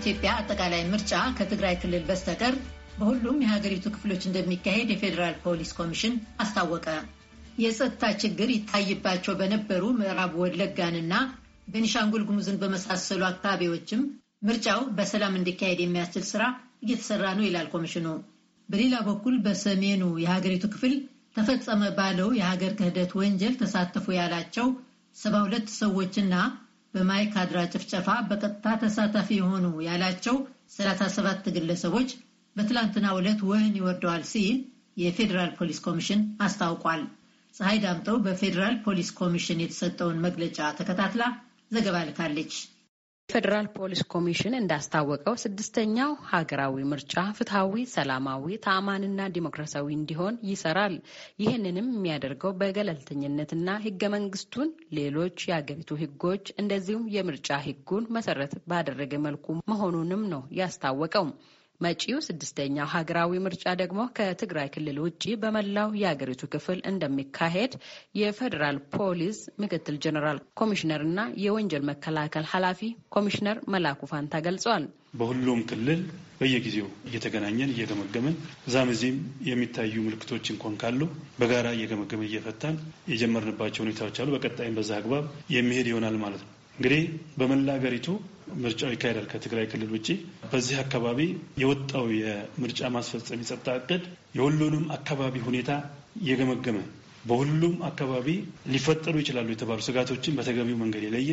የኢትዮጵያ አጠቃላይ ምርጫ ከትግራይ ክልል በስተቀር በሁሉም የሀገሪቱ ክፍሎች እንደሚካሄድ የፌዴራል ፖሊስ ኮሚሽን አስታወቀ። የጸጥታ ችግር ይታይባቸው በነበሩ ምዕራብ ወለጋንና ቤኒሻንጉል ጉሙዝን በመሳሰሉ አካባቢዎችም ምርጫው በሰላም እንዲካሄድ የሚያስችል ስራ እየተሰራ ነው ይላል ኮሚሽኑ። በሌላ በኩል በሰሜኑ የሀገሪቱ ክፍል ተፈጸመ ባለው የሀገር ክህደት ወንጀል ተሳተፉ ያላቸው ሰባ ሁለት ሰዎችና በማይካድራ ጭፍጨፋ በቀጥታ ተሳታፊ የሆኑ ያላቸው 37 ግለሰቦች በትላንትና ዕለት ወህን ይወርደዋል ሲል የፌዴራል ፖሊስ ኮሚሽን አስታውቋል። ፀሐይ ዳምጠው በፌዴራል ፖሊስ ኮሚሽን የተሰጠውን መግለጫ ተከታትላ ዘገባ ልካለች። ፌዴራል ፖሊስ ኮሚሽን እንዳስታወቀው ስድስተኛው ሀገራዊ ምርጫ ፍትሐዊ፣ ሰላማዊ፣ ተአማንና ዲሞክራሲያዊ እንዲሆን ይሰራል። ይህንንም የሚያደርገው በገለልተኝነትና ህገ መንግስቱን፣ ሌሎች የአገሪቱ ህጎች እንደዚሁም የምርጫ ህጉን መሰረት ባደረገ መልኩ መሆኑንም ነው ያስታወቀው። መጪው ስድስተኛው ሀገራዊ ምርጫ ደግሞ ከትግራይ ክልል ውጭ በመላው የአገሪቱ ክፍል እንደሚካሄድ የፌዴራል ፖሊስ ምክትል ጀኔራል ኮሚሽነር እና የወንጀል መከላከል ኃላፊ ኮሚሽነር መላኩ ፋንታ ገልጸዋል። በሁሉም ክልል በየጊዜው እየተገናኘን እየገመገምን እዛም እዚህም የሚታዩ ምልክቶች እንኳን ካሉ በጋራ እየገመገመን እየፈታን የጀመርንባቸው ሁኔታዎች አሉ። በቀጣይም በዛ አግባብ የሚሄድ ይሆናል ማለት ነው። እንግዲህ በመላ ሀገሪቱ ምርጫው ይካሄዳል። ከትግራይ ክልል ውጭ በዚህ አካባቢ የወጣው የምርጫ ማስፈጸም የጸጥታ እቅድ የሁሉንም አካባቢ ሁኔታ እየገመገመ በሁሉም አካባቢ ሊፈጠሩ ይችላሉ የተባሉ ስጋቶችን በተገቢው መንገድ የለየ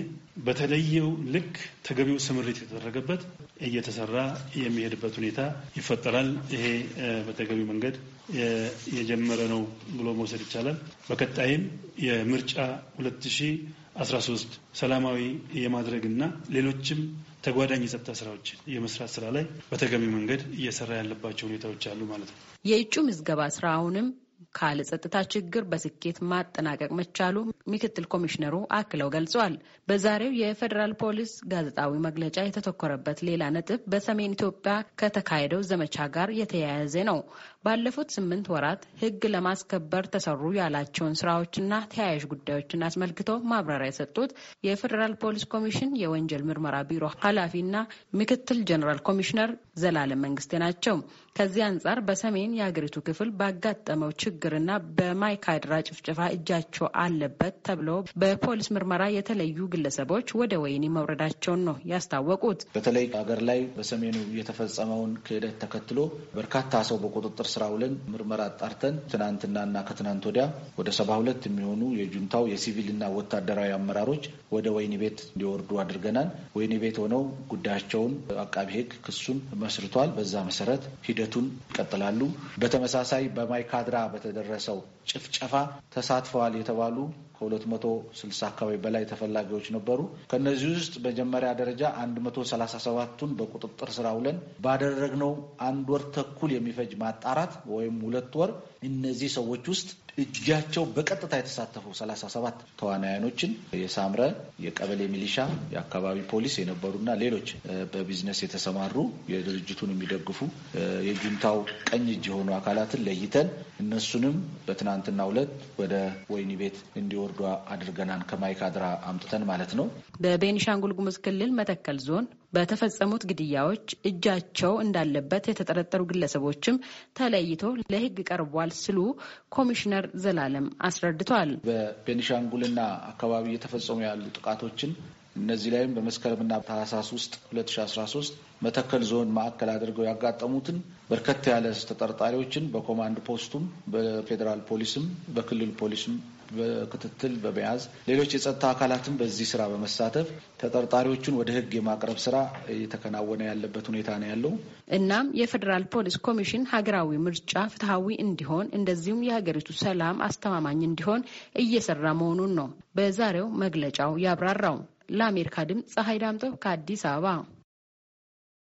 በተለየው ልክ ተገቢው ስምሪት የተደረገበት እየተሰራ የሚሄድበት ሁኔታ ይፈጠራል። ይሄ በተገቢው መንገድ የጀመረ ነው ብሎ መውሰድ ይቻላል። በቀጣይም የምርጫ 20 13 ሰላማዊ የማድረግና ሌሎችም ተጓዳኝ የጸጥታ ስራዎች የመስራት ስራ ላይ በተገቢ መንገድ እየሰራ ያለባቸው ሁኔታዎች አሉ ማለት ነው። የእጩ ምዝገባ ስራውንም ካለጸጥታ ችግር በስኬት ማጠናቀቅ መቻሉ ምክትል ኮሚሽነሩ አክለው ገልጿል። በዛሬው የፌዴራል ፖሊስ ጋዜጣዊ መግለጫ የተተኮረበት ሌላ ነጥብ በሰሜን ኢትዮጵያ ከተካሄደው ዘመቻ ጋር የተያያዘ ነው። ባለፉት ስምንት ወራት ሕግ ለማስከበር ተሰሩ ያላቸውን ስራዎችና ተያያዥ ጉዳዮችን አስመልክቶ ማብራሪያ የሰጡት የፌዴራል ፖሊስ ኮሚሽን የወንጀል ምርመራ ቢሮ ኃላፊና ምክትል ጀኔራል ኮሚሽነር ዘላለም መንግስቴ ናቸው። ከዚህ አንጻር በሰሜን የሀገሪቱ ክፍል ባጋጠመው ችግርና በማይካድራ ጭፍጨፋ እጃቸው አለበት ተብሎ በፖሊስ ምርመራ የተለዩ ግለሰቦች ወደ ወይኒ መውረዳቸውን ነው ያስታወቁት። በተለይ ሀገር ላይ በሰሜኑ የተፈጸመውን ክህደት ተከትሎ በርካታ ሰው በቁጥጥር ስራ ውለን ምርመራ ጣርተን ትናንትናና ከትናንት ወዲያ ወደ ሰባ ሁለት የሚሆኑ የጁንታው የሲቪልና ወታደራዊ አመራሮች ወደ ወይኒ ቤት እንዲወርዱ አድርገናል። ወይኒ ቤት ሆነው ጉዳያቸውን አቃቢ ሕግ ክሱን መስርቷል። በዛ መሰረት ሂደቱን ይቀጥላሉ። በተመሳሳይ በማይካድራ በተደረሰው ጭፍጨፋ ተሳትፈዋል የተባሉ ከ260 አካባቢ በላይ ተፈላጊዎች ነበሩ። ከነዚህ ውስጥ መጀመሪያ ደረጃ 137ቱን በቁጥጥር ስራ ውለን ባደረግነው አንድ ወር ተኩል የሚፈጅ ማጣራት ወይም ሁለት ወር እነዚህ ሰዎች ውስጥ እጃቸው በቀጥታ የተሳተፉ 37 ተዋናያኖችን የሳምረ የቀበሌ ሚሊሻ፣ የአካባቢ ፖሊስ የነበሩና ሌሎች በቢዝነስ የተሰማሩ የድርጅቱን የሚደግፉ የጁንታው ቀኝ እጅ የሆኑ አካላትን ለይተን እነሱንም በትናንትና ሁለት ወደ ወይኒ ቤት እንዲወ ወረዳ አድርገናል። ከማይካድራ አምጥተን ማለት ነው። በቤኒሻንጉል ጉሙዝ ክልል መተከል ዞን በተፈጸሙት ግድያዎች እጃቸው እንዳለበት የተጠረጠሩ ግለሰቦችም ተለይቶ ለሕግ ቀርቧል ሲሉ ኮሚሽነር ዘላለም አስረድተዋል። በቤኒሻንጉልና አካባቢ እየተፈጸሙ ያሉ ጥቃቶችን እነዚህ ላይም በመስከረምና ታህሳስ ውስጥ 2013 መተከል ዞን ማዕከል አድርገው ያጋጠሙትን በርከት ያለ ተጠርጣሪዎችን በኮማንድ ፖስቱም በፌዴራል ፖሊስም በክልል ፖሊስም በክትትል በመያዝ ሌሎች የጸጥታ አካላትም በዚህ ስራ በመሳተፍ ተጠርጣሪዎቹን ወደ ህግ የማቅረብ ስራ እየተከናወነ ያለበት ሁኔታ ነው ያለው። እናም የፌዴራል ፖሊስ ኮሚሽን ሀገራዊ ምርጫ ፍትሐዊ እንዲሆን እንደዚሁም የሀገሪቱ ሰላም አስተማማኝ እንዲሆን እየሰራ መሆኑን ነው በዛሬው መግለጫው ያብራራው። ለአሜሪካ ድምፅ ፀሐይ ዳምጠው ከአዲስ አበባ